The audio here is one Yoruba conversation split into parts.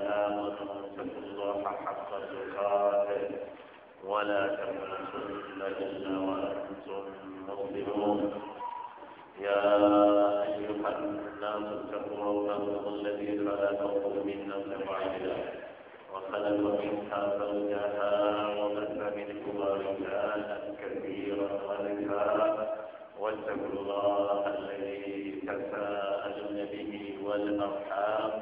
آمنوا اتقوا الله حق تقاته ولا تموتن إلا وأنتم مظلمون يا أيها الناس اتقوا ربكم الذي خلقكم من نفس واحدة وخلق منها زوجها وبث منكما رجالا كثيرا ونساء واتقوا الله الذي تساءلون به والأرحام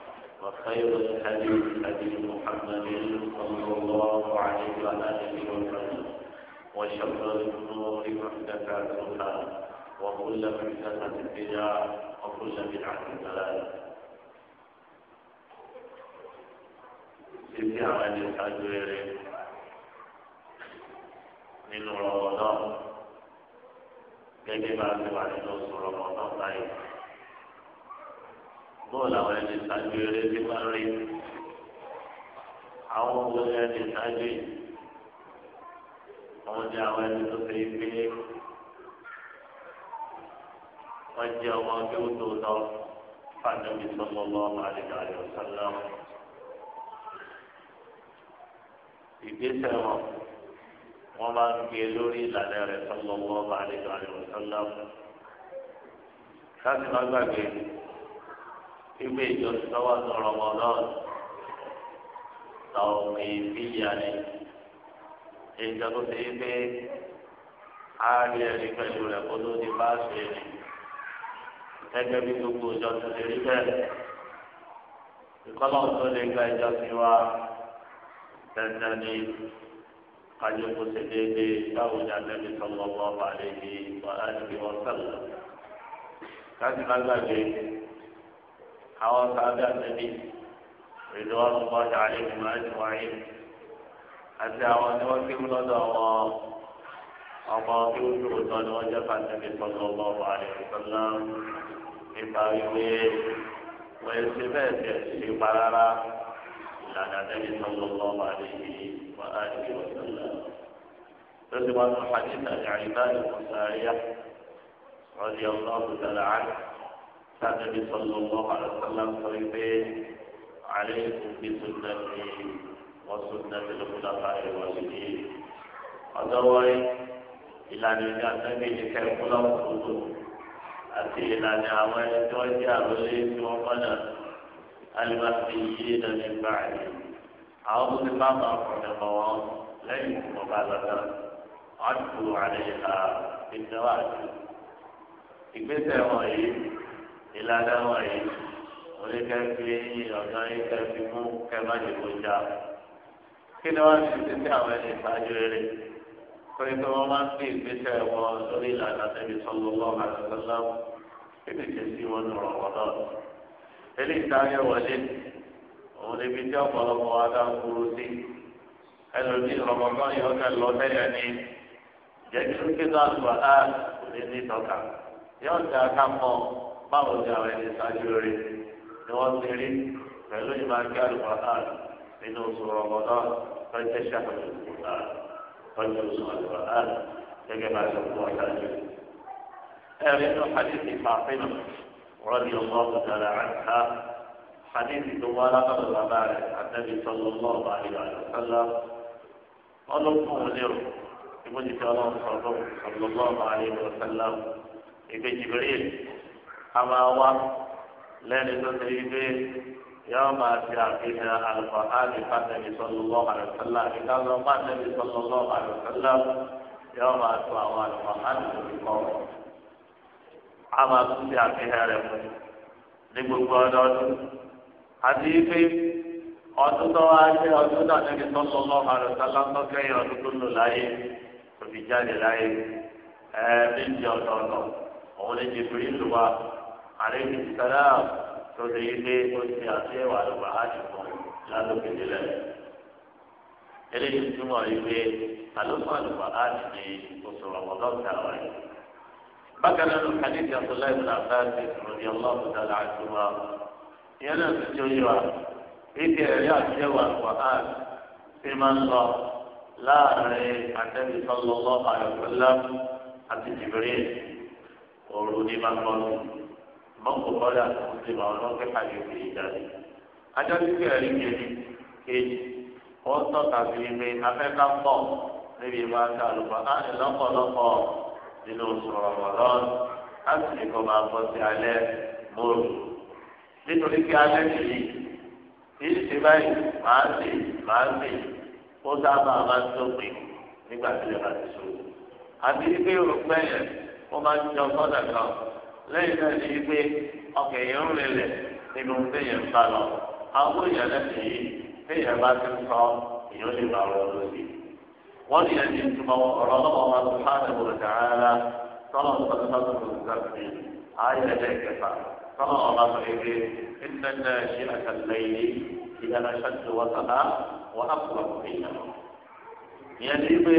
وخير الحديث حديث محمد صلى الله عليه وآله وسلم وشر الأمور محدثاتها وكل محدثة بدعة وكل بدعة ضلالة Sisi àwọn ẹni ṣáájú eré nínú rọ̀mọ̀dán gẹ́gẹ́ bá a ti wà nínú báyìí. bóò làwọn ẹni ìtajú eré ti máa rí àwọn òun ẹni ìtajú àwọn ni àwọn ẹni tó fi gbé wọn jẹ ọmọ kí ó tó lọ fàdébí sọmọ lọ àlejò àlejò sọlá ìgbésẹ̀ wọn wọn máa ń gbé lórí ìlànà rẹ̀ sọmọ lọ àlejò àlejò sọlá láti má gbàgbé ìgbé ìjọsìn lọ́wọ́ tó rọmọdọ́n tàwọn ìbíyà ni ìjọ tó ti gbé àárín ẹ̀rí pẹ̀lú rẹ̀ kó tó ti bá ṣe ni gẹ́gẹ́ bí gbogbo ìjọ tó lè rí bẹ́ẹ̀ ìkọ́lọ́ tó lè gba ìjọsìn wa dandan ni kájọ kó ṣe déédéé báwo ni ànábì sallallahu alaihi wa alihi wa sallam kájú lágbàgbé àwọn sáadà nàbí ìlú ọlọ́mọdé àlejò àjùmáyé àti àwọn tí wọ́n ti ń lọ́dọ̀ wọn ọmọ tí ó dúró tán ni wọ́n jẹ́ fàtẹ́lì tọ́lọ́ ọmọ ọmọ àlejò tọ́lá nípa wípé wọ́n yẹ ṣe bẹ́ẹ̀ tẹ̀ ṣe pa ìlànà àtẹ́lì tọ́lọ́ ọmọ ọmọ àlejò wọn á di ọ̀tọ́lá. lọ́sibọ́n tó hajj tàbí àyíká ìmọ̀sáríyá rọ́ọ̀dì ọlọ́ọ̀dù tẹ̀lé àná sábẹ́bí sọ́lọ́ lọ́wọ́ àlùfáà sọ pé àlẹ́ òbí sọ́dọ̀ ní wọ́n sọ́dọ̀ ní lọ́kùnrin àbáyé wọ́n sì ní ọjọ́ wọ́ọ́rí ìlànà ìjọ àtẹ́bí ní kẹ́kọ̀ọ́ lọ́kùnrin àti ìlànà àwọn ẹni tí wọ́n jẹ́ àròlé tí wọ́n mọ̀nà alùpàdé yìí lọ́nà ìgbà yìí àwọn tó ti bá máa fọ̀nà mọ́ wọn lẹ́yìn tí wọ́n bá lọ́tà wọ́n ti kú àlẹ́ ìgbésẹ̀ wọn yìí ìlànà wọ̀nyí oníkẹ́kẹ́ ọ̀dọ́ ìkẹ́kẹ́ mú kẹ́mẹ́lì kọjá. kí ni wọ́n ti ti ti àwọn ẹni ìtajú rere torí pé wọ́n máa ń fi ìgbésẹ̀ wọn lórí ìlànà tẹ̀lé sọ́lọ́lọ́ àtàlọ́lá kíni ṣe sí wọn ní ọ̀rọ̀wọ́dọ́. eléyìí táyé wọlé òun níbi tí ọ̀pọ̀lọpọ̀ wa dá kúrú sí ẹlòmíì rọ̀mọ̀gbọ́n yìí ọ̀kẹ́ lọ báwo ni àwọn ẹni ṣáájú rere ni wọ́n ti rí pẹ̀lú ìmọ̀ akẹ́rù pàtàkì nínú oṣù rọ̀mọ́dán lọ́jọ́ ṣàkóso pàtàkì lọ́jọ́ oṣù àlùfàtàkì gẹ́gẹ́ bá ṣe fún ọ̀ṣájú. ẹ̀rí inú hadithi fàfihàn rọ́bì ọlọ́ọ̀bù dára àtà hadithi tó wá lábàbà bàbá rẹ̀ àtẹ́bí sọlọ́ọ̀bù àlùfàtàkì ọlọ́kùnrin lérò ìbújì ama wa lẹ́ni tó ti gbé yọọ máa fi àfihàn alùpàdé fàtẹ́mi sọlọ́lọ́ àlùfẹ́lá ìdáná fàtẹ́mi sọlọ́lọ́ àlùfẹ́lá yọọ máa tó àwọn alùpàdé lórí kọ́ ama tó fi àfihàn rẹ̀ fún ní gbogbo ọdọọdún àti ife ọdún tó wá ṣe ọdún náà níbi tó kẹ́yìn ọdún tó lò láyé láyé òun lè jẹ pèrè ìlú wa àlejò ìsàlá tó ṣe yí pé ó ti àti ẹwà àlùbà àṣùwọ̀n lálùkè nílẹ̀. eléyìí túmọ̀ yí pé àlùfáà àlùbà àṣì oṣù rọ̀mọ̀dọ́ tààrà yìí. bákan náà ló kàdé ìdí àtúnlá ìbùdó àbáyé ìròyìn ọlọ́run dára àtúmọ̀ ìyẹn náà ti jó yíwa ìdí ẹ̀rí àti ẹwà àlùbà àṣì máa ń lọ láàrin àtẹ́bí sọ́lọ́lọ́ òru ní máa kọ́ sí mọ́kò bọ́dà tó ti máa lọ kí àyèké ìjáde. ajọ́ tí kò rí kejì kejì ibi afẹ́ká pọ̀ níbi ìwà ká lùpọ̀ á ní lọ́pọ̀lọpọ̀ nínú oṣù rọ̀mọ̀lọ́ọ̀nù á sì ní kó máa bọ́ sí alẹ́ mọ́ọ̀lù nítorí báyìí sábà máa ń nígbà tí ti sọ àti yẹn. ó máa ń jọ sọ́dà kan lẹ́yìn náà ní pé ọkẹ̀ yẹn ń rìnlẹ̀ nínú téèyàn ń bá lọ àwọn èèyàn lẹ́sìn yìí téèyàn bá ti ń sọ èèyàn lè bá ọ̀rọ̀ lórí. wọ́n ní ẹni ìtumọ̀ ọ̀rọ̀ ọlọ́wọ́ wa tó bá tẹ̀ wọ̀lẹ̀ dáadáa tọ́lọ̀ sọ́dọ̀ sọ́dọ̀ sọ́dọ̀ ìyẹn ti pé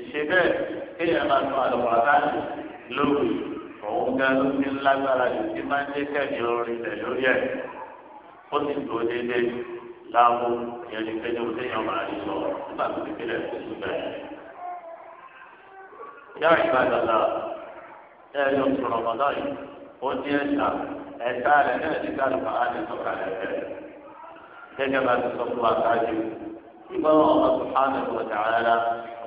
ìṣe bẹ́ẹ̀ kéèyàn máa tún àlùkòrò láti lórí òun gan ló ti lágbára jù tí máa ń jẹ́ kẹ́mi orin rẹ̀ lórí ẹ̀ ó sì tó déédéé láàbò ìyẹn ti pé ní o téèyàn máa rí sọ nígbà tó ti kílẹ̀ tó ti bẹ̀rẹ̀. ìgbà dàda ẹ yọ sọ̀rọ̀ mọ́tò yìí ó ní ẹ̀ṣà ẹ̀ṣà rẹ̀ náà ti gbàdúrà á ní sọ̀kalẹ̀ rẹ̀ gẹ́gẹ́ bá ti sọ fún wa káàdì ìgbọ́ràn ọmọ sùhánù ìwọ̀dà ara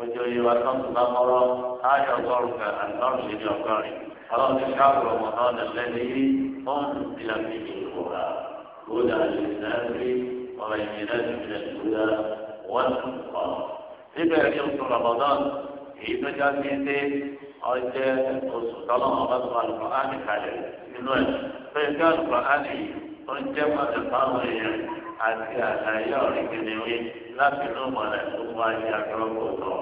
ojú oyè wa tó ń tún bá mọ́rọ́ láàyè ọgọ́rùn kan àtọ́rùn lé ní ọgọ́rin ọlọ́run ti káàkiri ọmọ náà lọ lẹ́nu yìí ó ń tún sí àmì ìlú wa kódà lè sáré ọ̀rọ̀ ìrìnà ìrìnà ìrìnà oṣù ramadan èyí tó já sí nínú ẹ̀ pé ká lùkọ́ á nìyí tó ń jẹ́ pàtẹ́ fáwọn èèyàn àti àlàyé ọ̀rẹ́ kedere láti inú mọ̀lẹ́ tó wá ní agbọ́gbọ̀ tọ̀.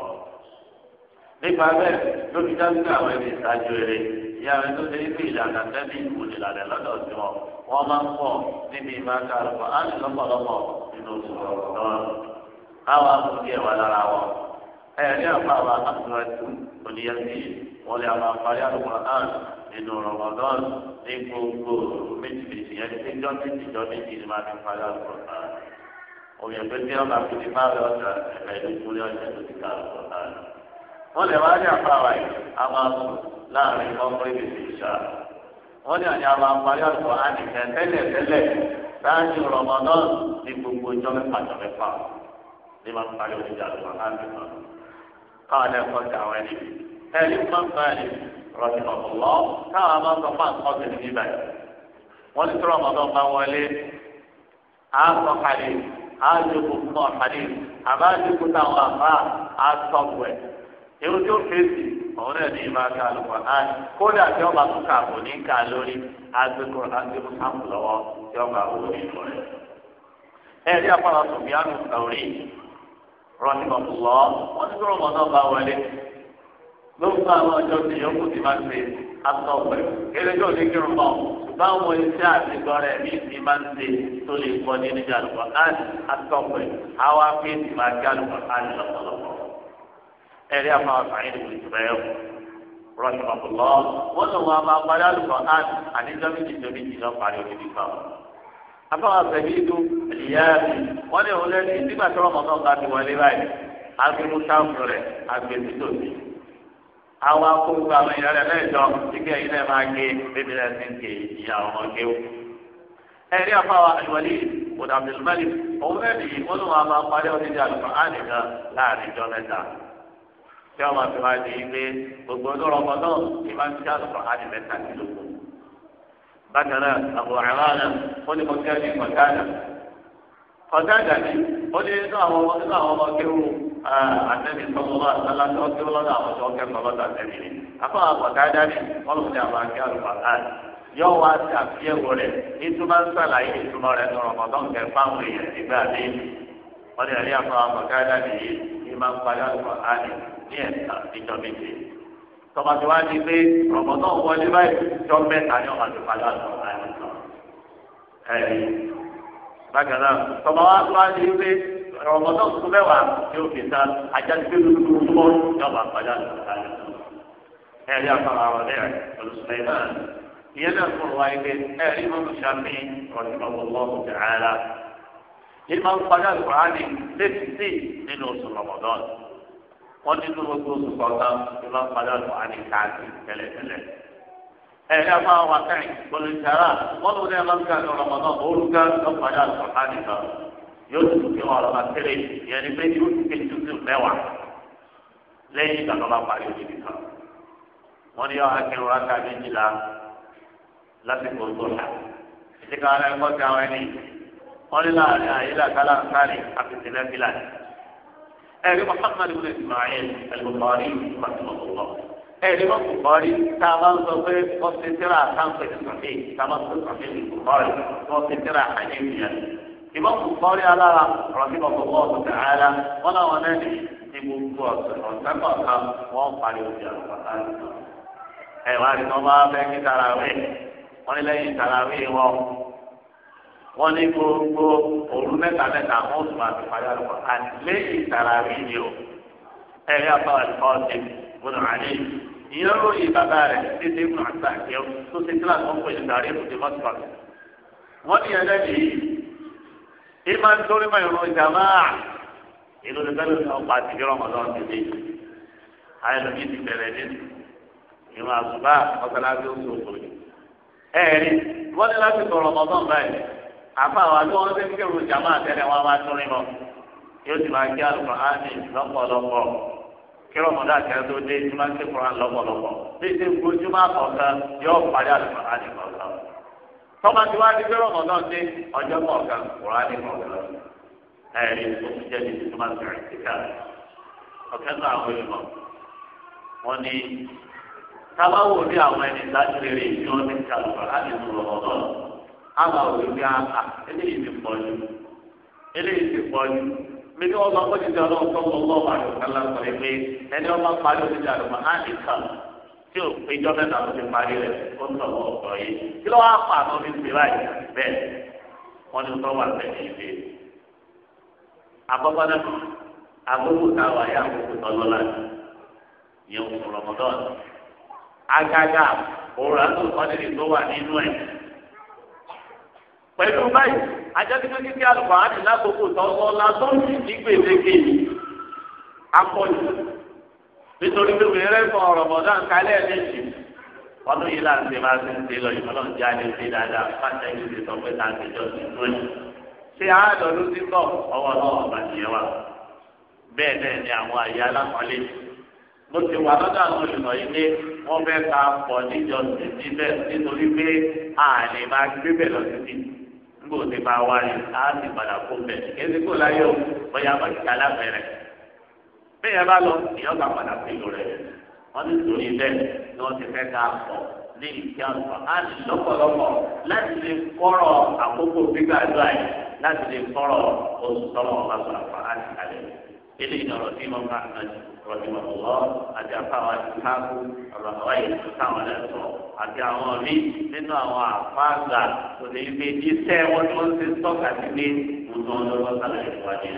nípa bẹ́ẹ̀ lórí dájú àwọn ẹni ìtajú eré ìyá rẹ tó ṣe ibi ìlànà tẹ́lẹ̀ ìlú ìlànà lọ́dọ̀ sí wọn wọ́n máa ń pọ̀ níbi ìmáka àlùkò á ní lọ́pọ̀lọpọ̀ nínú oṣù ọ̀gbọ́n. àwọn amúdíẹ̀ wà lára wọn ẹ̀rí àpá àwọn akásùnrẹ́tù oníyẹ́sì wọ́n lè àwọn àpárí àlùkùrán nínú rọmọdán ní gbogbo méjì méjì yẹn ní péjọ méjì jọ méjì ni máa fi parí àlùkùrán òye pé bí ọba fi ti máa rẹ ọjà ẹ̀ka ìlú kúrẹ́ ọjà tó ti ká àlùkùrán wọ́n lè wá ní àpáwá yìí a máa sùn láàrin kọ́ńkúrẹ́ bèbè ìṣá wọ́n lè àní àwọn àpárí àlùkùrán nìkan tẹ́lẹ̀ tẹ́lẹ̀ láàrin rọmọdán ní gbogbo ọjọ́ ẹni máa ń báyìí rọ̀jò lọ káwọn máa ń sọ fún àkọsí ní bíbá yìí wọ́n ti tọrọ ọmọdé ọba wọlé àásọ kàlẹ́ àájókòó fún ọ̀kàlẹ́ àbájókòó táwọn àbá àásọ pẹ̀ èrò tí ó fèsì òun náà ní ìmọ̀ àti àlùkò náà kódà tí ọba tún kà kò ní kà lórí àgbẹ̀kọ̀ àgbẹ̀kọ̀ sáàmù lọ́wọ́ tí ọba wò ní ìlú rẹ̀. ẹ rí apá ọ̀sùn bíi àmì ló ń fún àwọn ọjọ́ tí yòókù ti máa ń ṣe àtọ̀pẹ̀ eréjọ́ ní kírun bọ̀ ṣùgbọ́n àwọn iṣẹ́ àtìgbọ́ rẹ̀ ní ti máa ń ṣe tó lè kọ́ ní níjà lùkọ́ àti àtọ̀pẹ̀ àwọn afẹ́ẹ̀tì máa já lùkọ́ àti lọ́pọ̀lọpọ̀ ẹ̀rí àwọn àfààní ìlú ìfẹ́ rọ̀ṣọ̀pọ̀lọ́ wọ́n lọ wọn máa parí àlùkọ́ àti àníjọ́ méjì tó afọwọ́ àfẹ́bí ìlú ìyá wọn lè wọlé nígbà tí wọ́n náà bá ti wọlé báyìí agbẹ̀mú sáfù rẹ̀ agbẹ̀mú tòbí àwọn akókò àwọn èèyàn rẹ lẹ́jọ́ kíkẹ́ yìí náà máa gé bébí rẹ sí ń ké ìyá ọmọ kéwù. ẹ̀rí àfáwà àlùwálì bùdà abdulmalik òun náà nìyí wọn ló máa máa parí ọdún ní àlùfáà áàdì kan láàrin ìjọ mẹ́ta. tí wọn máa fi wá di ilé gbogbo ọdún ọmọ náà ìmáa ń ti àlùfáà áàdì mẹ́ta nílùú. bákan náà àbúrò àmàlà ó ní kọ́ńtà ní kọ́ńtà náà àtẹ́bí sọ́kọ́lá àtàlá tó kí wọ́n lọ́dọ̀ àwọn tó kẹ́kọ̀ọ́ lọ́dọ̀ àtẹ́bí ni. àfọ àpàkádá ni wọ́n lọ́dọ̀ àwọn akẹ́ àlùfáà yọ wá sí àfihàn rẹ̀ ìtumọ̀ ń sàlàyé ìtumọ̀ rẹ̀ tó rọ̀mọ̀tọ́ ń kẹ́ fáwọn èèyàn nígbà dé. wọ́n lè rí àfọ àpàkádá ni yìí ní máa ń parí àlùfáà ni ní ẹ̀ka níjọ méje. tọmọtì wá ní pé rọ̀mọ̀tọ́ ń wọlé báyìí jọ mẹ́ta ni ọmọdé parí àlùfáà rọmọdún tó mẹ́wàá yóò fi ta ajásígbé lójú mọ́ yọba àgbàdo àlùfáàlù ẹ̀rí àpamọ́ àwọn ọ̀rẹ́ olùsùnmẹ́ náà ìyẹn náà fún wa yìí pé ẹ̀rí mọ́mú sàmì ọ̀dùnmọ́wọ́lọ́wọ́ tààlà yìí máa ń padà kùránì létí nínú oṣù rọmọdún wọn nínú gbogbo oṣù kọ̀ọ̀kan yìí máa ń padà kùránì káàkiri tẹ́lẹ̀tẹ́lẹ̀ ẹ̀rí àpamọ́ wa kẹ́rin olùsàrà wọn yóò tutù kí wọn ọlọmọ tẹlẹ ìyẹn ni pé yóò ti ké tutù mẹ́wàá lẹ́yìn ìgbà tó bá parí òbí nìkan wọn ni ọhán kẹrù rákà méjìlá lásìkò tó là ètí káwọn ẹni kọ́ sí àwọn ẹni wọn ní láàrin àyílà kálá nkárì àfìsí lẹ́fìlà ẹ̀rí Muhammad ibn Ismail al-Bukhari rahimahullah ẹ̀rí wọn Bukhari tá a máa ń sọ pé ìmọ̀n kò kọ́rí alára rọ̀bí ọ̀gbọ̀n ọ̀sùn tààlà wọn làwọn náà ní ní gbogbo ọ̀sùn ọ̀sán kọ̀ọ̀kan wọn parí omi àlùfáà ẹ wá rí wọn bá fẹ́ kí tarawí wọn ní lẹ́yìn tarawí wọn wọn ní gbogbo òru mẹ́ta mẹ́ta wọn sùn àti parí àlùfáà lẹ́yìn tarawí ni o ẹ rí àbáwá ìfọ́ọ̀tì gbọdọ̀ àlẹ́ ìyẹn lórí bàbá rẹ̀ títí ìmúlò àti àkẹ́wò tó ti kíláàsì wọn pè ní tàrí ìfúnjẹ mọ́tò wọn ní ẹlẹ́yìn ìmọ̀ nítorí mọ̀ ìrún ìjàmá ìlú ní bẹ́ẹ̀ ló ń pa àti ìrọ̀ mọ̀ lọ́wọ́ tèmi ayélujára ti bẹ̀rẹ̀ nínú ìrún àzùbá mọ́sálásí oṣù òkùnrin ẹ̀ẹ́rì wọ́n ní láti tọrọ mọ́tọ́ báyìí àfa àwọn àti wọn ti ń kírun ìjàmá àtẹ́lẹ̀ wọn máa tún rí mọ́ yóò ti máa kí alukọ̀ránì lọ́pọ̀lọpọ̀ kí rọmọdé àtẹ́lẹ̀ tó dé tí máa ń kí kọ̀rán lọ́pọ̀lọpọ̀ bí ti ń gbójúmọ́ àkọ́kọ́ yóò parí alukọ̀ránì kọ̀ọ̀kan. tọ́ba tí wàá di pé rọ̀mọ̀dán dé ọjọ́ kọ̀ọ̀kan kúrò ní kọ̀ọ̀kan ẹ̀rí oṣù jẹ́bi tó máa bẹ̀rẹ̀ síkà ọ̀kẹ́ náà àwọn olùmọ̀ wọn ni tábà wò ní àwọn ẹni ní kàlùkọ̀ ah, ah, eléyìí ti eléyìí ti mi ni bá kọ́ ti di tó ń bọ̀ wọ́n wà ẹni tí o pé ìjọ mẹ́ta ló ti parí rẹ̀ ó ń tọ̀ wọ́n ọ̀pọ̀ yìí kí ló wá pa àtọ́ mi ti báyìí bẹ́ẹ̀ wọ́n ní tọ́ wà bẹ́ẹ̀ yìí bẹ́ẹ̀. àkọ́kọ́ náà àkókò táwa yá àkókò tọ́lọ́lá yẹn oṣù rọmọdọ́n agaga òòrùn àtòkọ́nìrì tó wà nínú ẹ̀. pẹ̀lú báyìí ajẹ́kíkí kíkí àlùkò àdìlákòókò tọ́lọ́lá tó ń nítorí pé obìnrin rẹ̀ fọ ọ̀rọ̀ mọ̀dá nkálẹ̀ méjì ọdún yìí láti ṣe máa ṣe ń ṣe lọ yìí ọlọ́run jẹ́ àlè ṣe dáadáa pàṣẹ yìí ṣe sọ pé ta ti jọ sí tó yìí ṣé àádọ́ ló ti bọ̀ ọwọ́ náà ọ̀gbà nìyẹn wa bẹ́ẹ̀ náà ni àwọn àyè alákọ̀ọ́lẹ̀ mo ti wà lọ́dọ̀ àwọn olùkọ́ yìí pé wọ́n fẹ́ ka pọ̀ níjọ títí bẹ́ẹ̀ nítorí pé àlè máa gbé bẹ̀ lọ títí nígbò tí máa wá yìí á sì padà kó bẹ̀ kéde kó láyé o bàtí bẹ́ẹ̀ bá lọ èèyàn bá padà sí ìlú rẹ̀ wọ́n ti torí bẹ́ẹ̀ ni wọ́n ti fẹ́ ká pọ̀ ní ìdí àlùfáà á lè lọ́pọ̀lọpọ̀ láti lè kọ́rọ̀ àkókò gbígbàdúrà yìí láti lè kọ́rọ̀ oṣù tọ́lọ̀ ọ̀la sọ̀rọ̀ àti àlẹ́ ilé ìdọ̀rọ̀ tí mo bá ń rọ̀jùmọ̀ lọ́ àti àfáwọn àtikáàkú ọ̀rọ̀ àwọn èèyàn táwọn lẹ́sọ̀ àti àwọn rí nínú àwọn àfáàgbà òde ibi iṣẹ́ wọn tí wọ́n ti tọ́ka sí pé mo tán ìwádìí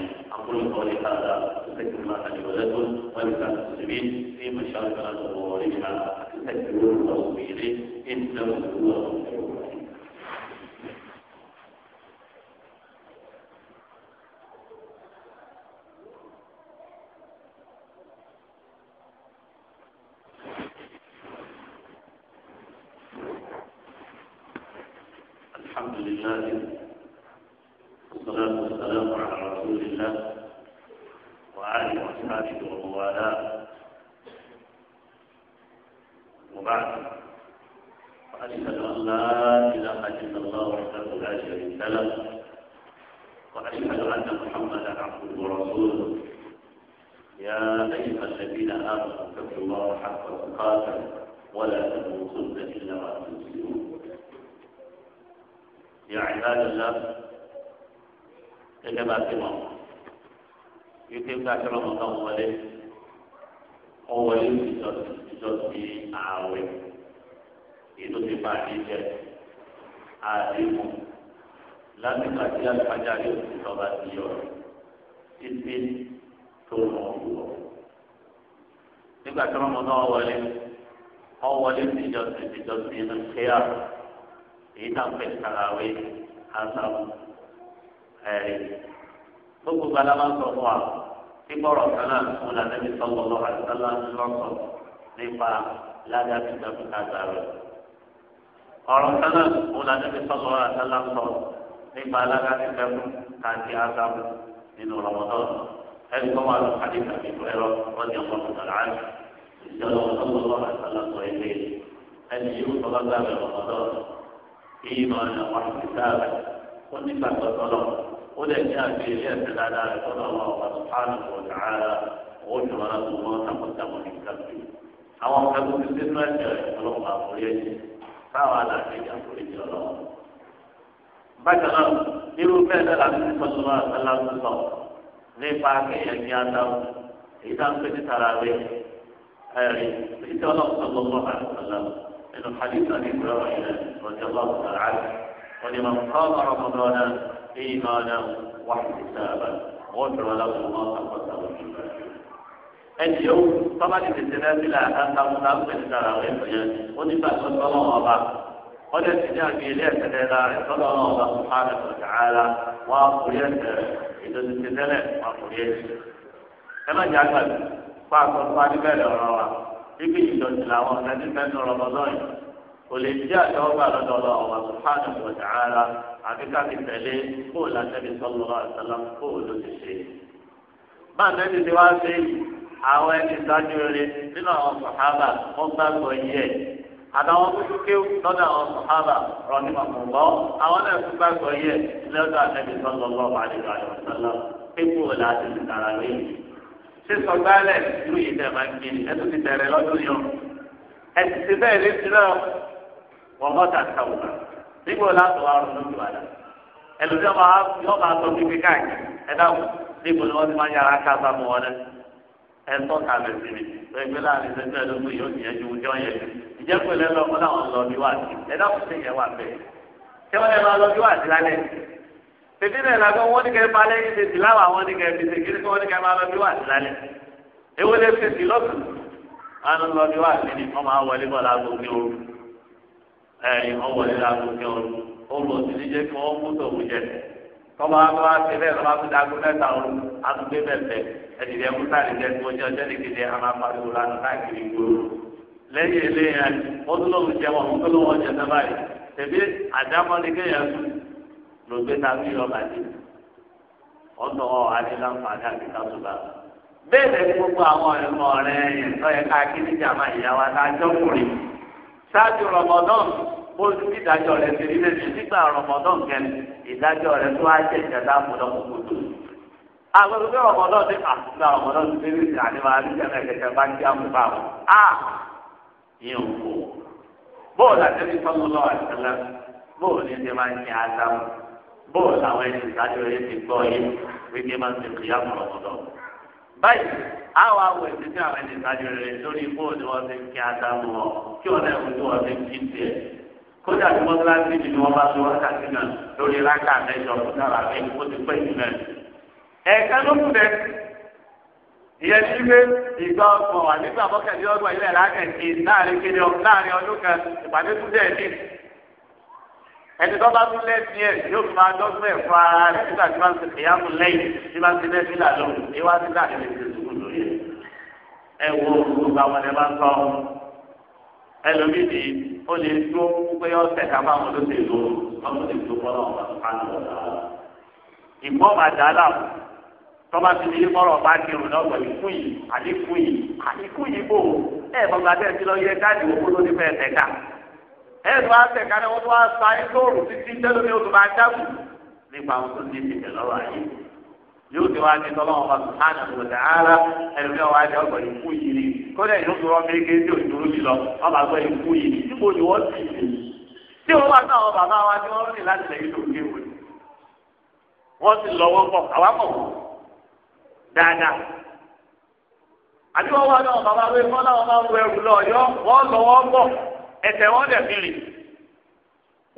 أقول قولي هذا ما الله لي ولكم كان المسلمين في مشارق الأرض ومغاربها أستغفروه وأتوب إليه إنه الحمد لله والصلاة والسلام على رسول الله والموالاة وبعد وأشهد أن لا إله إلا الله وحده لا شريك له وأشهد أن محمدا عبده ورسوله يا أيها الذين آمنوا اتقوا الله حق تقاته ولا تموتن إلا وأنتم مسلمون يا عباد الله كما في مصر يتم ذاكرة رمضان وليه ọwọ́ ilé ìjọ ti ààwẹ̀ ètò ti bá àdéjẹ àdéhùn lásìkò àti àlùfájà yóò ti sọba sí ọ títí tó mọ òwúrọ̀ nígbà tí wọn mọ náà wọlé ọwọlé ti ìjọ ti ìjọ ti ń ṣe à èyí náà fẹ́ sàràwé àṣà ẹ gbogbo balaba sọ fún wa kíkọ́rọ̀ kan náà fún lànàbí sọ́kọ̀lọ́ àtàlà lọ́sọ̀ nípa ládàbí dàbíkàtà rẹ̀. ọ̀rọ̀ kan náà fún lànàbí sọ́kọ̀lọ́ àtàlà sọ nípa ládàbí fẹ́fún kàti àtàbù nínú rọ̀mọ́dọ́. ẹni tó wà ló kàdé tàbí tó ẹ̀rọ wọ́n ti ọkọ̀ tó dàrá rẹ̀. ìjọba sọ́kọ̀lọ́ àtàlà sọ ilé ولن يأتي لأن على رسول الله سبحانه وتعالى غفر له ما تقدم من ذنبه àwọn akẹ́kọ̀ọ́ ti ṣe máa ń jẹ ọlọ́pàá àkórí ẹ̀jẹ̀ káwọn aláàbẹ̀jẹ̀ àkórí ẹ̀jẹ̀ ọlọ́run. bákan náà irú bẹ́ẹ̀ náà láti fi sọ́sọ́ máa sálá ń sọ nípa akẹ́yẹ ní adáwọ̀ èyí tá à ń pè ní tarawẹ́ ẹ̀rí èyí tí ọlọ́run sọ lọ́wọ́ àlùfàlà nínú hadith àti ìgbéra ọ̀yẹ́ ọ̀jọ̀ bá wù إيمانا واحتسابا غفر له ما تقدم من اليوم طبعا الانتداب الى هذا مناقض التراغيب ونبقى صلى الله عليه وقد تجاه بيليه تدير صلى الله سبحانه وتعالى وقريت إذا تدلت وقريت كما جعل فاقر صاحب الرواة ibi ìdọ̀tìláwọ̀ ẹni mẹ́nu rọmọdọ́yìn kò lè jẹ́ àtẹ́wọ́gbà lọ́dọ̀ ọlọ́run wa subhanahu àti káfí tẹ̀lé bóòlù àtẹ́bí sọ́lọ́ àtàlà bóòlù ti ṣe. báà nẹ́bí ti wá sí àwọn ẹni ìdájú rere nínú àwọn sàhábà wọ́n gbàgbọ́ yẹ àtàwọn kúkúké lọ́dọ̀ àwọn sàhábà rọ̀ní màmúgbọ́ àwọn náà tún gbàgbọ́ yẹ lọ́dọ̀ àtẹ́bí sọ́lọ́ lọ́wọ́ àdìgbà àtàlà pé bóòlù àti ìdára rẹ̀ ṣé sọgbálẹ̀ ìlú yìí tẹ̀ máa ń kiri ẹ tún ti bẹ̀rẹ̀ lọ́dún yọ ẹ ti ti nígbà láti wá ronú jù wá dà ẹlòmí ọba yóò máa sọ pípé káàkiri ẹ dáhùn nígbà ni wọn ti máa yára ká sámú wọn dẹ ẹ ń tọ́ka rẹ̀ sí mi lórí pé láàrin sẹ́gbẹ́ lógún yóò ti yẹn ju ojú ọ̀yẹ́ ìjẹ́ pé lẹ́nu ọmọ náà lọ bí wà sí ẹ dáhùn sí ìyẹn wà bẹ́ẹ̀ ṣé wọ́n lè máa lọ bí wà sí lálẹ́ tètè náà làgbọ́ wọ́n ní kẹ́ balẹ̀ yìí tètè láwà wọ́n ní kẹ́ tètè kí wọ́n ní kẹ́ máa lọ bí wà sí lálẹ́ èwo lè tètè lọ́sùn àwọn lọ bí wà sí ni wọ́n máa wọlé bọ́ọ̀lù ẹ̀rí ọwọ́ ní lágbo ọrụ ọ̀run ọ̀run òsì ní jẹ́ kí wọ́n mú tòun jẹ. tọ́ba bá ti bẹ́ẹ̀ lọ́ba tó dágbó mẹ́ta ọ̀run àtúgbé bẹ̀bẹ̀ ẹ̀dìdì ẹ̀kú sáré jẹ́ tí wọ́n jẹ́ ọjọ́ nìkejì àmà pariwo lánàá káàkiri gbòòrò. lẹ́yìn eléyà wọ́n wọn tẹ̀bí kéèyàn gbé ṣáájú rọmọdán bóyú ìdájọ́ rẹ̀ ti rí lẹ́sìn nígbà rọmọdán kẹ́ ìdájọ́ rẹ̀ tó á jẹ́ ìjàdá mọ̀lọ́kùnkùn tó. àgbẹ̀rù pé rọmọdán ti kà nígbà rọmọdán ti rí lẹ́sìn àdìmọ́ àdìjẹ́fẹ́ kẹ̀kẹ́ bá ń kí àmúbà wọn. a yín ò kó bóòlù àtẹ́bí sọ́mọlọ́ àtẹ́lẹ́ bóòlù ní ti máa ń ṣe àdáwọ̀ bóòlù àwọn ẹni ìdájọ́ rẹ̀ ti gbọ́ yé wípé máa báyìí àwọn awọ ẹsẹ tí àwọn ẹni ìtajà rẹ lórí bóòlù wọn ti ń kí adamu wọn kí wọn náà wọlé wọn ti ń kí tiẹ̀ kódà tí wọn bá ti di ni wọn bá tó wákàtí náà lórí rákà mẹ́jọ fún náírà bẹ́ẹ̀ kó ti pẹ́ jù náà. ẹ̀ka ló kù dẹ ìyẹn ti gbé ìgbà ọgbọ̀n wà nígbà mọ́kàndínlọ́gbọ̀n ilẹ̀ lákàtí láàrin kéde láàrin ọdún kan ìpàdé tún dẹ̀ ẹni tó bá tún lẹ́sìn ẹ̀ yóò fi máa dọ́gbẹ́ fún ara rẹ̀ nígbà tí wọ́n ti kìyàmù lẹ́yìn tí wọ́n ti lẹ́sìn là lóhùn ní wá sí láti lè tẹ̀sí kù lórí ẹ̀. ẹ wo gbogbo àwọn ẹ̀ máa ń sọ ẹlòmíì ni ó lè tó pé ọ̀sẹ̀ ká máa wọn ló ti lò wọ́n tó lè tó bọ́lá ọ̀gá sùpánù ọ̀gá. ìgbọ́ máa dà á là tọ́ba ti ní mọ́rọ̀ bá kírun lọ́gbọ̀ ìkú yìí àdínkù ẹ̀rù àtẹ̀kárẹ́ wọn tó wá sa ẹ̀ lóòrùn títí tẹ́lẹ̀ mi ò tó máa dákú nípa àwọn tó ní ìṣẹ̀lẹ̀ lọ́rọ̀ ayé yóò ti wá ní tọ́lọ́wọ́n bá sùhánà tó dà ára ẹ̀rù mi wá jẹ́ ọgbà ikú yìí ni kódà ìlú tó rọ́ méje tí ò dúró mi lọ wọ́n bá gbọ́ ikú yìí ni níbo ni wọ́n ti ṣe tí wọ́n bá táwọn bàbá wa tí wọ́n rìn láti lẹ́yìn tó gé wò wọ́n ti lọ́wọ́ pọ̀ àwa mọ̀ dáadáa àti wọ́n wá náà bàbá wẹ́ fọ́n náà wọ́n máa ń wẹ̀rù lọ yọ wọ́n lọ́wọ́ pọ̀. ẹsẹ̀ wọn dẹ̀ fi e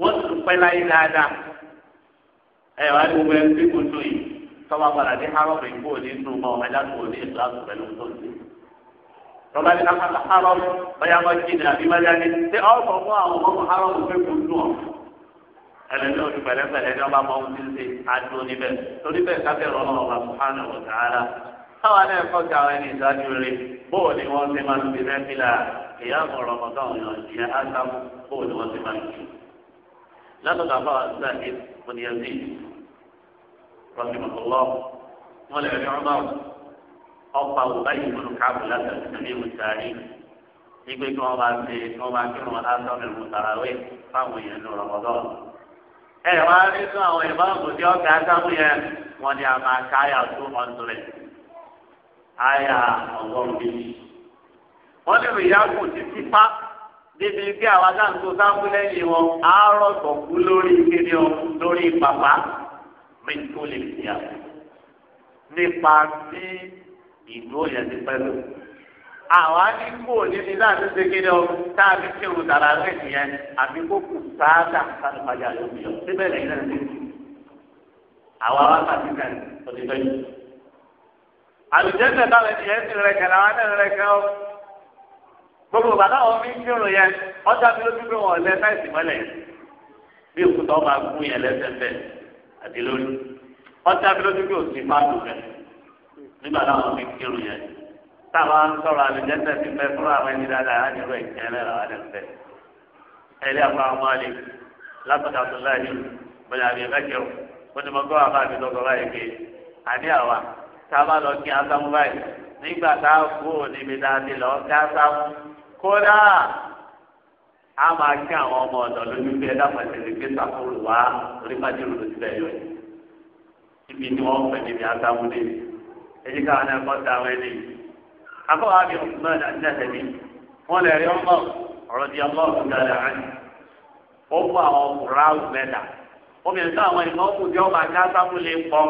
wọ́n ti pẹ́ láyé dáadáa ẹ wá ní gbogbo ẹni tí kò tó yìí tọ́ba padà ní harọ́ọ̀mù ìgbò ní inú mọ́ ẹ̀dá kò ní ìsìlámù pẹ̀lú tó ń ṣe. Rọ́bà ní káfá harọ́ọ̀mù báyà wọ́n jí ní àbí báyà ní ṣé ọ̀pọ̀ fún àwọn ọmọ pé kò tó ẹlẹ́ni pẹ̀lẹ́pẹ̀lẹ́ ọba ń ṣe torí bẹ́ẹ̀ táwa náà kọ́ sí àwọn ẹni ìdájú rẹ bóò ni wọ́n ti máa ń fi mẹ́fìlà ìyá ọ̀rọ̀ ọ̀gá ọ̀yàn ìyẹn ásámú bóò ni wọ́n ti máa ń fi. látọ̀dọ̀ àbá ṣáàkì oníyẹ̀sì rọ̀ṣìmọ̀tòlọ́ wọn lè rí ọmọ ọ̀pá òbá yìí fún káàbù látàrí ìdílé mùsàárì nígbè kí wọ́n máa ṣe kí wọ́n máa kí wọ́n ásámú mùsàràwé fáwọn èèyàn ní ọ̀rọ̀ ẹ wá rí fún àwọn ìbámu tí ọkà àyà ọgọ́rùn bíbí. wọ́n lè rìn yàgò títí pa débi pé àwa náà tó sáfù lẹ́yìn wọn àárọ̀ tọ̀kú lórí kéde ọ lórí bàbá mi tó lè fi à nípa tí ìlú òyìn ti pẹ́ lò. àwa ní kó níbi náà ti ṣe kéde ọ tá a fi kéwòn dára rẹ̀ nìyẹn àbí kó kù sáádà sáré pàjá lóbi ọ síbẹ̀ lẹ́yìn náà ti àwa wá pàṣẹ kan ọdún fẹ́ yìí. àlùjẹ́sẹ̀ táwọn ènìyàn ti rẹ̀ wọn náà rẹ̀ kẹ́ ọ́ gbogbo bàtà wọn fi ń kírun yẹn ọjà mi dúró wọn lẹ táìsì mọ́lẹ̀ bí òkúta ọba gún yẹn lẹ́sẹ̀ bẹ́ẹ̀ àti lórí ọjà mi ló máa dùn nígbà fi ń yẹn táwọn ń sọ̀rọ̀ àlùjẹ́sẹ̀ ti fẹ́ dáadáa láti rẹ̀ wọn lẹ́sẹ̀ sábà lọ kí asámú báyìí nígbà tá a kú níbi tá a ti lọ kí asámú kódà a máa kí àwọn ọmọ ọ̀dọ́ lójú bí ẹ̀dá pàṣẹlẹ gbé sàkóòrò wá orí májèlú ló tilẹ̀ yọ ibi tí wọ́n fẹ́ níbi asámú dé èyí káwọn náà kọ́ da àwọn ẹni akọ́wé àbí ọ̀sùnmọ́ ìdájọ́ mi wọ́n lè rí ọmọ ọ̀rọ̀ di ọmọ ọ̀sùn dáadáa rẹ̀ ó fún àwọn ọkùnrin áwù mẹ́ta obìnrin táwọn ìmọ̀ ọkùnrin ọba ní asámú lè pọ́n.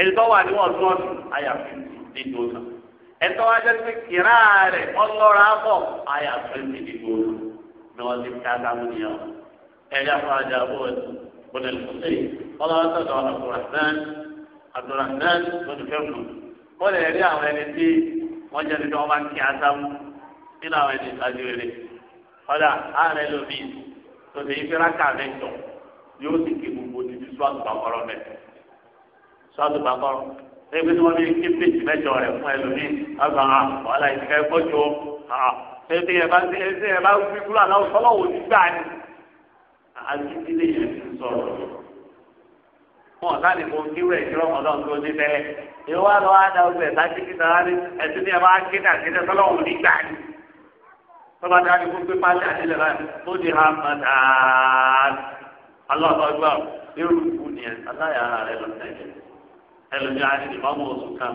ẹni tó wà níwọ̀n tó ọ̀sùn àyàfi nínú ọ̀sán ẹni tó wà jẹ́ pé kìrá rẹ̀ ọlọ́ra bọ̀ àyàfi nínú ọ̀sán ni wọ́n ti ká dáhùn nìyẹn ẹ̀yà fàájà bọ̀dẹ̀ lùsẹ̀ ọlọ́run tó dọ̀ ọ̀dọ̀ràn Abdulrahman bọ̀dẹ̀ fẹ́ràn wọ́n lè rí àwọn ẹni tí wọ́n jẹ́ nínú ọba kí asámú nínú àwọn ẹni ìtajú rẹ̀ ọ̀dà ààrẹ lómi tòṣèyí fẹ́ràn kàmẹ́tọ̀ yóò sì kí gbogbo títí sọ́ọ̀tù àkọ́rọ́ mẹ́tọ̀ sọ́ọ̀tù bàbá ẹgbẹ́ tí wọ́n ní kí péjì mẹ́jọ rẹ̀ fún ẹlòmíì ọgbà ah, wàhálà ìfẹ́ gbọ́jọ ẹgbẹ́ yẹn bá ẹgbẹ́ yẹn bá fi kúrò àlọ́ sọ́lọ́wọ́ nígbà ni ah, àdìdílé yẹn ti sọ̀rọ̀ wọn sáni kò ń kíwé ìṣirò ọlọ́run tó ní bẹ́ẹ̀ yóò wá lọ́wọ́ àdá ọgbẹ́ sáájú kí sára ní ẹtú ní ẹ bá ké náà ké náà sọ́lọ́wọ́ nígbà ni tọ́ba dáa ni kó gbé pálí àdílẹ̀ báyìí tó di ha mọ̀tà alọ́ọ̀lọ́gbà irú ìkú ni ẹ̀ aláyàrá rẹ̀ lọ́sẹ̀ yẹn. ẹlòmí àti anyị oṣù kan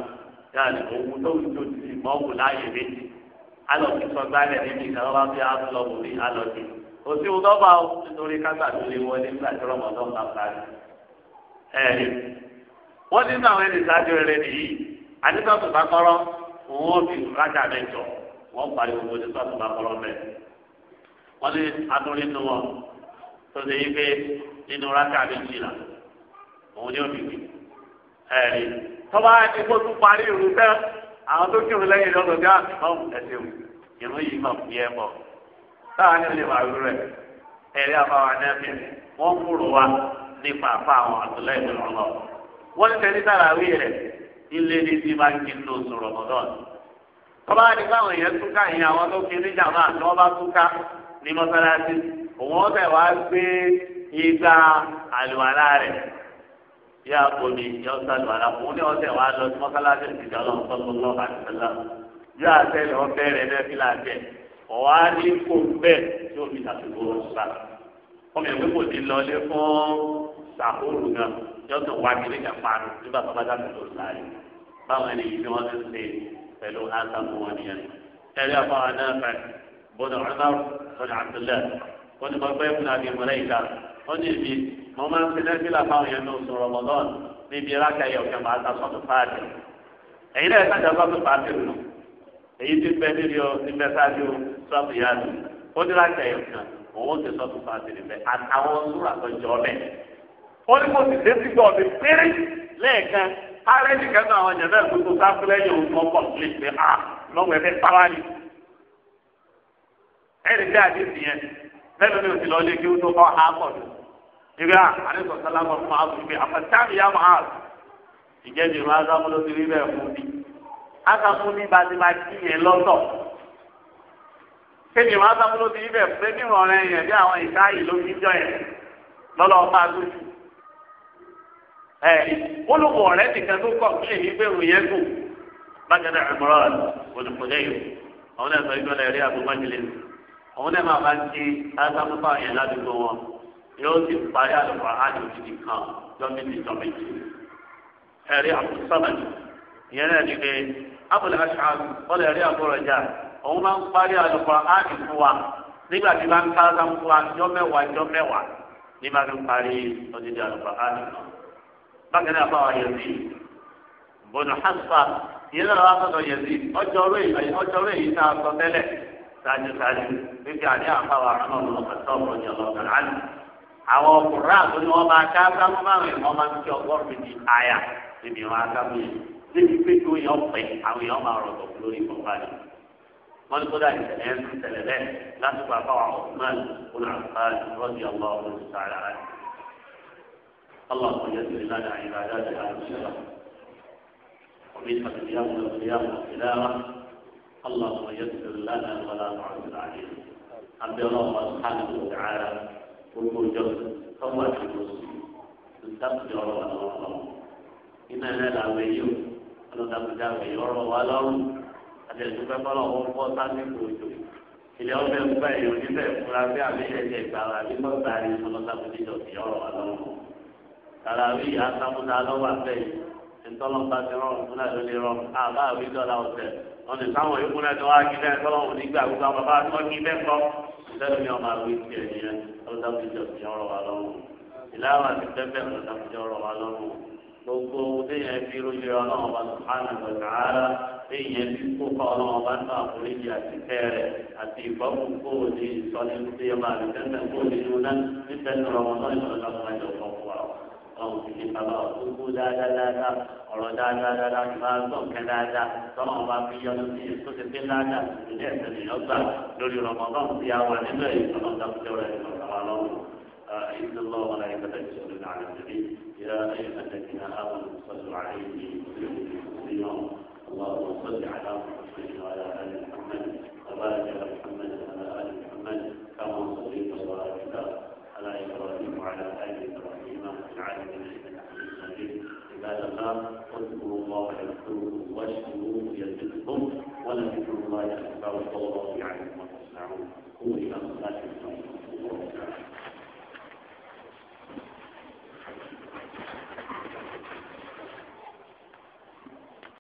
yàrá òun tó ń tó ti ìmọ̀mù láàyè méjì alọ́ọ̀kì sọgbà rẹ̀ níbi ìdáná bá fi àbúlọ̀mù rí alọ́ọ̀kì òsì ọdọ́ba nítorí kágbà tó lé wọlé nígbà tí rọmọdọ́ bá parí. ẹ̀rí wọ́n nínú àwọn ẹni ìsáájú rẹ̀ nìyí àdìsọ́tù bá kọ́rọ́ òun ó fi rájà mẹ́jọ wọ́n parí gbogbo àdìsọ́tù bá kọ́rọ́ mẹ́ẹ̀. wọ́n ní atúrí nínú wọn tó ṣe yí pé ẹ̀rí tọ́ba ti parí ìrù àwọn tó kírun lẹ́yìn lọ́dọ̀ bí àtìmọ́mù ẹ̀sìn ìrún yìí mọ̀ fi ẹ̀ mọ̀ táwọn ní olè màlúù rẹ̀ ẹ̀rí àfàwọn anẹ́fì wọ́n kúrò wa nípa àfa àwọn àtúlẹ̀ ìlú lọ́lọ́ wọ́n ti tẹ̀lé tàràwí rẹ̀ ilé ní ti máa ń kí ní oṣù rọ̀mọ́dọ́n tọ́ba ti káwọn èèyàn túká ìyẹn àwọn tó kí níjàmbá àti wọ́n bá túká ní mọ́sálásí òun ọ̀sẹ̀ wá gbé ìgbà àlùwàlá rẹ̀ yá omi yá ọ̀sán wàrà fún ní ọ̀sẹ̀ wàá lọ sí mọ́sálásí ìdíjà ọlọ́run tó lọ́wọ́ àtìsẹ́lá yá àtẹ lọ bẹ̀rẹ̀ náà fi làjẹ́ ọ̀wá ní kó bẹ́ẹ̀ tí omi tàbíkó sà ọmọ ìwé kò ní lọ lé fún sàkóòrò náà yọ sọ kiri ká paanu nígbà tó bá dàbí tó sáré báwọn ẹni yìí ni wọn ti ṣe pẹ̀lú ásámù wọn nìyẹn ẹ̀rí àfọwọ́ náà fẹ́ bọ́dọ̀ ọ̀rọ̀ náà bọ́dọ̀ àtúndà bọ́dọ̀ bọ́dọ̀ bẹ́ẹ̀ fún àbí mọ́lẹ́ ìta ó ní ibi mo máa ń fi lẹ́fílà fáwọn yẹn ní oṣù rọmọdọ́n níbi rákà yẹ ọ̀kẹ́ màá ta sọ́tù páàdì èyí náà ẹ̀ka jẹ́ sọ́tù páàdì nù èyí ti bẹ níbi ọ ti bẹ sáájú sọ́tù yá nù ó ní rákà yẹ ọ̀kẹ́ òun ti sọ́tù páàdì níbẹ̀ àtàwọn sùúrù àtọ́jọ́ lẹ̀ ó ní mo sì dé sí gbọ́ péré lẹ́ẹ̀kan arẹ́lì sẹ́nu mi ò sì lọ lé kí ó tó kọ́ àpọ̀ ní. ìgbà àdéhùn sálámọ̀ fún àwọn ìgbé àpàtàkì yà máa ìjẹ́bi ìrún azamu ló ti rí bẹ́ẹ̀ fún mi. azamu ní bá ti máa kí yẹn lọ́tọ̀. kébi ìrún azamu ló ti rí bẹ́ẹ̀ fún mi ìrún rẹ̀ yẹn bí àwọn ìka yìí ló fi jọ yẹn lọ́lọ́ máa tó ẹ olùkọ́ rẹ̀ nìkan tó kọ̀ kí èyí gbèrú yẹn kù. bákan náà ìmọ̀ràn olùkọ́ àwọn náà máa bá ń ṣe asámúfà yẹn ládùúgbò wọn yóò sì parí àlùfà áàdì òjijì kan lọ́mídìí ẹ̀rí ìyẹn náà ni pé abúlé aṣáájú ọlọ́ ẹ̀rí àbúrọ̀jà òun máa ń parí àlùfà sáájú sáájú bíbí àdé àfáwà àmọ́ ọmọ ọ̀sán ọ̀pọ̀ ní ọlọ́sàn án. àwọn ọkùnrin àti ni wọ́n máa ká sáwọn márùn ún wọ́n máa ń kí ọgọ́rùn mi di àyà níbi wọn akáwé níbi pé tó yàn pẹ́ àwọn èèyàn máa rọ̀ tọ̀ lórí ìfọ̀nba ni. wọ́n ní kódà ìṣẹ̀lẹ̀ ń ṣẹlẹ̀ bẹ́ẹ̀ lásìkò àfáwà ọ̀sán olùrànlọ́wọ́ اللهم يسر لنا عبادات هذا الشرف ومن قد قيامنا القيامه الخلافه اللهم يسر لنا ولا تعسر علينا عبد الله سبحانه وتعالى والموجب هو المسلم ìdáàbòjọ ọ̀rọ̀ wà lọ́wọ́ lọ́wọ́ iná ẹlẹ làwọn èèyàn ọlọdàbòjọ àwọn èèyàn ọ̀rọ̀ wà lọ́rùn àtẹnudúpẹ bọlọ wọn bọ sásìkò òjò ilé ọbẹ ńgbà èèyàn oníbẹ fúra bí àbíyẹjẹ gbàrà bí mọta ni ọlọdàbòjọ ọ̀rọ̀ wà lọ́wọ́ tàràwí àtàkùnà lọ́wọ́ àbẹyìn ntọ́lọ́n bá ti rọrùn fún náà ló lè rọrùn àbá àbí dọ́là ọ̀sẹ̀ wọn ní sáwọn ikú náà tó wá kí náà tọ́lọ́hùn nígbà gbogbo àwọn bàbá tó kí bẹ́ẹ̀ kọ́ lẹ́nu ni ọmọ àgbẹ̀ tiẹ̀ nìyẹn ọ̀dà fìjọ ti ọ̀rọ̀ wa lọ́rùn ìlànà ti pẹ́pẹ́ ọ̀dà fìjọ ọ̀rọ̀ wa lọ́rùn gbogbo téèyàn fi rújú ọlọ́run ọba sùhánà gbọ̀dàárà téèyàn fi kópa ọlọ́run ọba náà àforíjì àti kẹrẹ àti ìbọ́kù kóòdì ìsọ̀lẹ̀ tí ọba àbíkẹ́ńtẹ̀ kóòdì ìlú náà nípa ẹ̀sìn ọmọ náà ìsọ̀lẹ̀ ọmọ ìjọba ọkọ̀ wa. ọ̀hún ti fi bàbá ọ̀dúnkú dáadáa dáadáa ọ̀rọ̀ dáadáa dáadáa ìgbà gbọ̀ǹkẹ́ dáadáa tọ́lọ́ ọba fi yọnu sí èso ti fi dáadáa ìdílé ẹ̀sẹ̀ nìyọ́ gbà lórí rọmọdún tí a wà nínú èyí tọ́lọ́ dákúndé rẹ̀ إن الله وملائكته يصلون على النبي يا أيها الذين آمنوا صلوا عليه وسلموا تسليما اللهم صل على محمد وعلى آل محمد وبارك على محمد وعلى آل محمد كما صليت وباركت على إبراهيم وعلى آل إبراهيم في العالمين عباد الله اذكروا الله يذكركم واشكروه يزدكم ولذكر الله أكبر والله يعلم ما تصنعون قوموا إلى صلاتكم